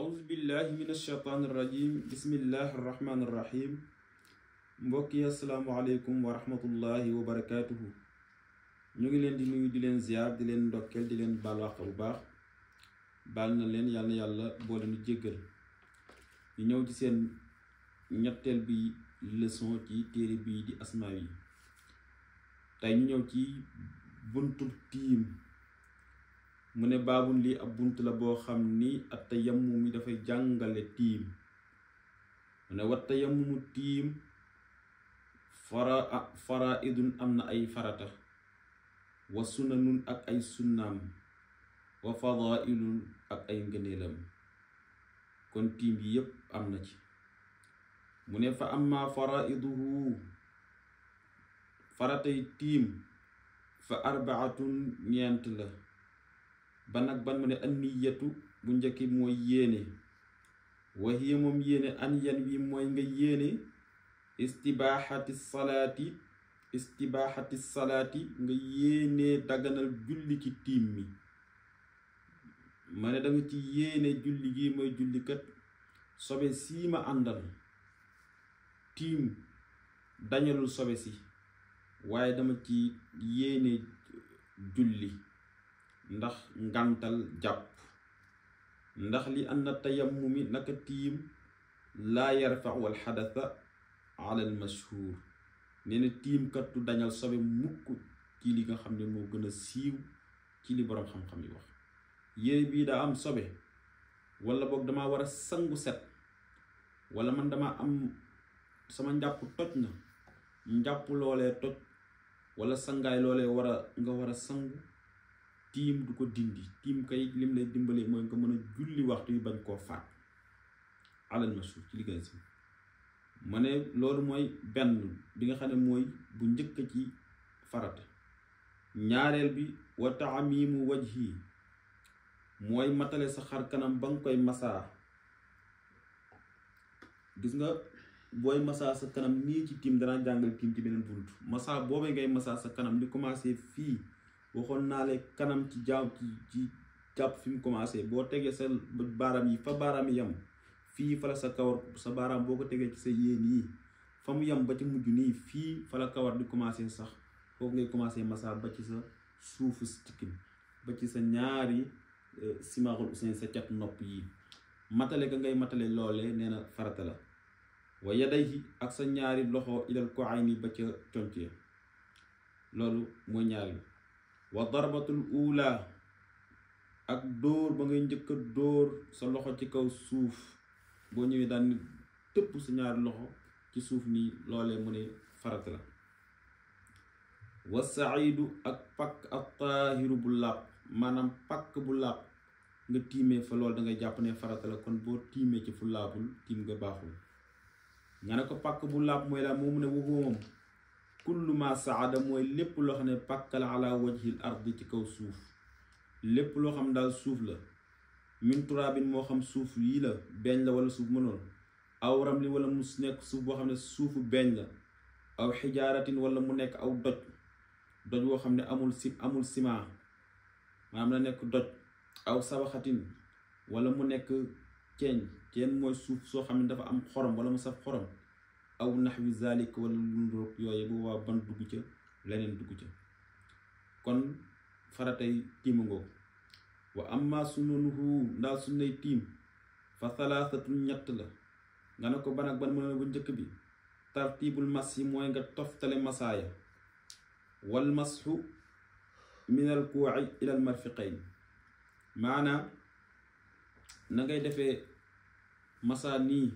awuzu billahi min alsheytaan irrajim bismillahi irrahmaan irrahim mbokk yi asalaamualeykum wa rahmatullahi wa barakaatuhu ñu ngi leen di nuyu di leen ziar di leen ndokkeel di leen baal wax bu baax baal na leen yàlla yàlla boole nu jéggal ñu ñëw ci seen ñetteel bi leçon ci téere bii di asmaa yi tey ñu ñëw ci buntu tiim mu ne baabun lii ab bunt la boo xam ni at tayammu mi dafay jàngale tiim mu ne wat tayammumu tiim fara faraidun am na ay farata wa sunanun ak ay sunnaam wa fadailun ak ay ngëneelam kon tiim yi yépp am na ci mu ne fa amma faraiduhu faratay tiim fa arbaxatu ñeent la ban ak ban mu ne an niyatu bu njëkk mooy yéene waxiya moom yéene an yan wi mooy nga yéene istibaaxati salaati istibaaxati salaati nga yéenee daganal julli ci tiim mi ma ne danga ci yéene julli yi mooy jullikat sobe sii ma àndal tiim dañalul sobe si waaye dama ci yéene julli ndax ngàntal jàpp ndax li anna tayammumi naka tiim laa yarfau alxadasa ala almashhur nee na tiim kat dañal sobe mukk ci li nga xam ne moo gën a siiw ci li boroom xam-xam yi wax yére bii daa am sobe wala boog dama war a sangu set wala man dama am sama njàpp toj na njàpp loolee toj wala sangaay loolee war a nga war a sangu tiim du ko dindi tiim kay lim lay dimbalee mooy nga mën a julli waxtu yu bañ koo faat alal ma suuf ci li gën si ma ne loolu mooy benn bi xam ne mooy bu njëkk ci farata ñaareel bi yi mu taamimu wajhi mooy matale sa xar kanam ba nga koy masaa gis nga booy masaa sa kanam nii ci tiim dana jàngal tiim ci beneen bunt masaa boobee ngay masaa sa kanam di commencé fii waxoon naa la kanam ci jaaw ci ci jàpp fi mu commencé boo tegee sa baaraam yi fa baaraam yi yem fii fa la sa kawar sa baaraam boo ko tegee ci sa yéen yi fa mu yem ba ci mujj nii fii fa la kawar di commencé sax foofu ngay commencé massa ba ci sa suufu sikkim ba ci sa ñaari e, simaxul usin sa cat nopp yi matale ga ngay matale loolee nee na farata la wa yadayhi ak sa ñaari loxo ilal ko ay ni ba ca conc loolu mooy ñaari wa darbatul ula ak dóor ba ngay njëkk a dóor sa loxo ci kaw suuf boo ñëwee daan ni tëpp sa ñaari loxo ci suuf nii loolee mu ne farat la wa saidu ak pakk ak taahiru bu làpp maanaam pakk bu làpp nga tiimee fa loolu dangay jàpp ne farata la kon boo tiimee ci fu laabul tiim nga baaxul nga ne ko pakk bu làpp mooy laa moo mu ne wubu moom kullu ma saada mooy lépp loo xam ne pàkkal ala wajhil ardi ci kaw suuf lépp loo xam ne daal suuf la min turaabin moo xam suuf yii la beeñ la wala suuf mënoon aw ramli wala mu nekk suuf boo xam ne suufu beeñ la aw xijaaratin wala mu nekk aw doj doj woo xam ne amul si amul ciment maanaam la nekk doj aw sabaxatin wala mu nekk ceeñ ceeñ mooy suuf soo xam ne dafa am xorom wala mu saf xorom aw naxwi zalik wala lunduroog yooyu bu boobaa ban dugg ca leneen dugg ca kon faratay tiima ngoog wa amma sunanuhu ndaa sunnay tiim fa salaasatun ñett la nga ne ko ban ak ban mën bu njëkk bi tartibul mas yi mooy nga toftale masaaya wal masxu minal kuuci ilal marfiqayn maanaam na defee masaa nii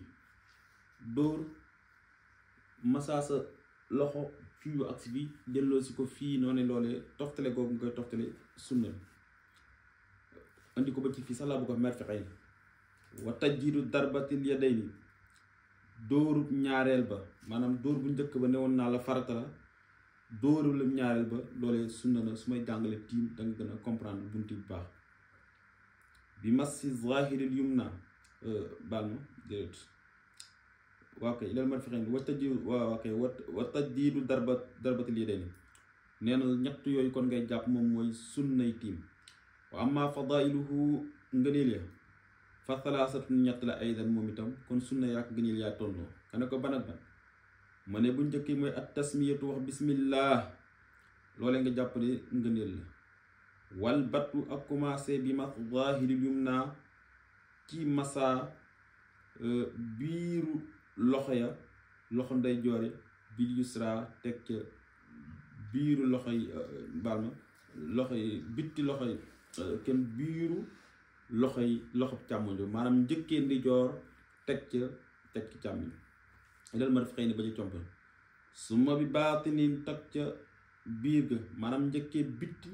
dóor masaa sa loxo fii bu agsi bi jëloo si ko fii noonu ne loolee toftale googu nga koy toftale sunna andi ko ba ci fii sax laa bu jiitu merfexey wa tajjiidu darbatil yadayni dóorub ñaareel ba maanaam dóor bu njëkk ba newoon naa la farata la dóorub ñaareel ba loolee sunna na su may jàngale tiim danga gën a comprendre bunti bu baax bi mas si zahiril yum na euh, baal ma waaw kay ilal marfiqayn wa tajdiidu waaw kay wa tajdiidu darbat darbatil yadayni nee ñett yooyu kon ngay jàpp moom mooy sunnay tiim wa amma fadailuhu ngëneel ya fa thalaasatun ñett la aydan moom itam kon sunna yaa ko ngëneel yaa tolloo ka ne ko banat ban ma ne bu njëkk mooy at tasmiyatu wax bismillah loolee nga jàpp ne ngëneel la wal ak commencé bi ma zaahiril yumna ci massa euh, biiru loxo ya loxo nday joore teg ca biiru loxo yi euh, baal ma loxo yi bitti loxo yi euh, kenn biiru loxo yi loxo càmmoñ bi maanaam njëkkee ndi joor teg ca teg ca càmmoñ loolu ma def xëy ni ba ca compé suma bi baatinin teg ca biir ga maanaam njëkkee bitti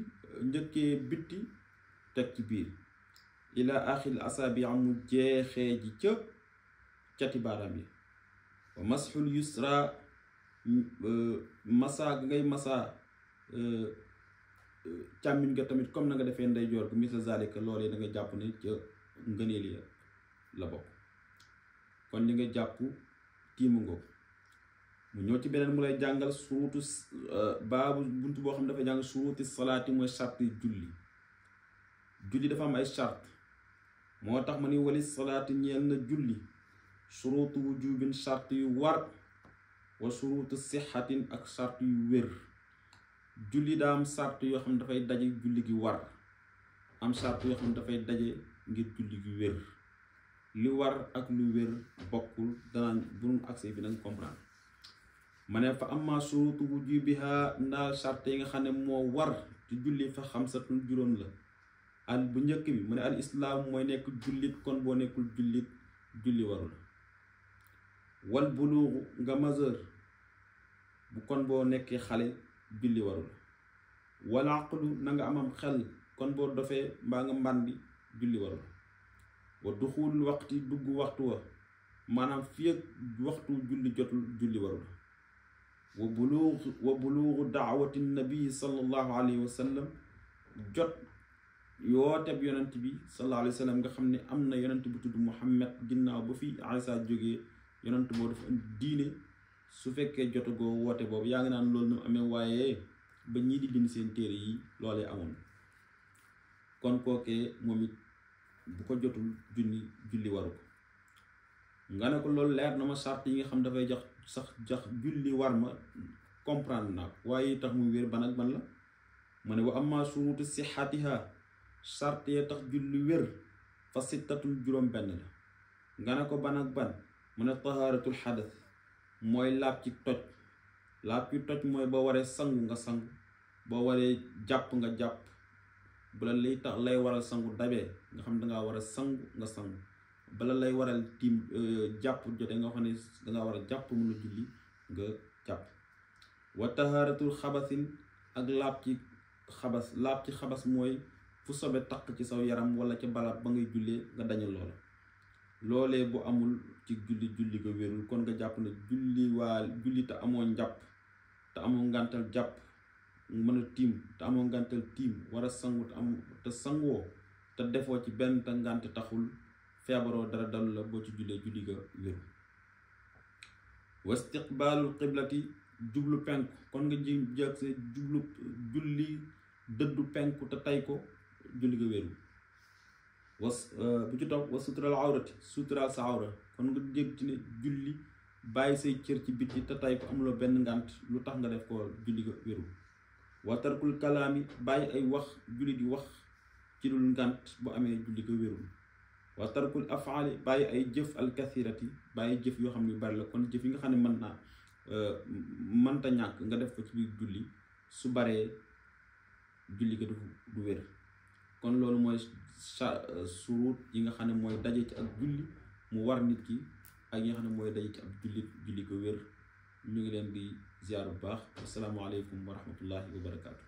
njëkkee bitti teg ci biir ila axil asaabi amu jeexee ji ca cati baaraam yi masxul yusra massa ngay massa càmmiñ ga tamit comme na nga defee ndeyjoor joor misla zalika loolee da nga jàpp ne ca ngëneel ya la bokk kon li nga jàpp tiimu nga ko mu ñëw ci beneen mu lay jàngal surutu baabu bunt boo xam ne dafay jàngal suruti salaati mooy sart julli julli dafa am ay sart moo tax ma ni wali salaati ñeel na julli suruutu wujubin sart yu war wa suruutu sixatin ak sart yu wér julli daa am sart yoo xam ne dafay daje julli gi war am sart yoo xam ne dafay daje ngir julli gi wér li war ak lu wér bokkul danaa bunu accès bi nag comprendre ma ne fa amma suruutu wujubiha ndaal sart yi nga xam ne moo war ci julli fa xamsatun juróom la al bu njëkk bi mu ne al islaam mooy nekk jullit kon boo nekkul jullit julli warul wal buluuxu nga majeur bu kon boo nekkee xale julli waru la wal na nga amam xel kon boo dofee mbaa nga mbàndi julli waru la wa duxulul waxti dugg waxtu wa maanaam fii ak waxtu julli jotul julli waru la wa buluux wa buluuxu daawati nabii sallallahu alayhi wa sallam jot yooteb yonent bi sallallahu alayhi wa nga xam ne am na yonent bu tudd Muhammad ginnaaw ba fi Isa jógee yonent boobu dafa indi diine su fekkee jotagoo woote boobu yaa ngi naan loolu nu amee waaye ba ñii di bind seen téere yi loolee amoon kon kookee moom it bu ko jotul junni julli waru ko nga ne ko loolu leer na ma sart yi nga xam dafay jax sax jax julli war ma comprendre naa ko waaye tax muy wér ban ak ban la ma ne wa amma surutu sixatiha sart ya tax julli wér fa sittatul juróom benn la nga ne ko ban ak ban mu ne tahaaratul mooy laab toj laab ci toj mooy boo waree sangu nga sangu boo waree jàpp nga jàpp bala lay tax lay waral sangu dabee nga xam dangaa war a sangu nga sangu bala lay waral tiim euh, jàpp jote nga xam ne dangaa war a jàpp mun a nga jàpp wa xabasin ak laab ci xabas laab ci xabas mooy fu sobe taq ci saw yaram wala ca balab ba ngay jullee nga dañal loola loole bu amul ci julli julli ga wérul kon nga jàpp ne julli waa julli te amoo njàpp te amoo ngàntal jàpp mën a tiim te amoon ngàntal tiim war a sangu te am te sangoo te defoo ci benn te ngànt taxul feebaroo dara dalu la boo ci jullee julli ga wérul wastiqbaalul qiblati jublu penku kon nga ji jëg jublu julli dëddu penku te tay ko julli ga wérul was euh, bu ci topp was suturaal awrati suturaal sa awra kon nga jég ci ne julli bàyyi say cër ci biti te tay ko amuloo benn ngant lu tax nga def ko julli ko wéru watarkul kalaami bàyyi ay wax julli di wax ci dul ngant bu amee julli ko wérul waa tarakul afaali bàyyi ay jëf alkasirati bàyyi jëf yoo xam ne bari la kon jëf yi nga xam ne mën naa euh, mënta ñàkk nga def ko ci biir julli su baree julli ko du wér kon loolu mooy surut euh, yi nga xam ne mooy daje ci ak julli mu war nit ki ak yi nga xam ne mooy daje ci ab jullit julli ko wér ñu ngi leen di ziar bu baax asalaamaaleykum wa rahmatullahi wa barakaatu.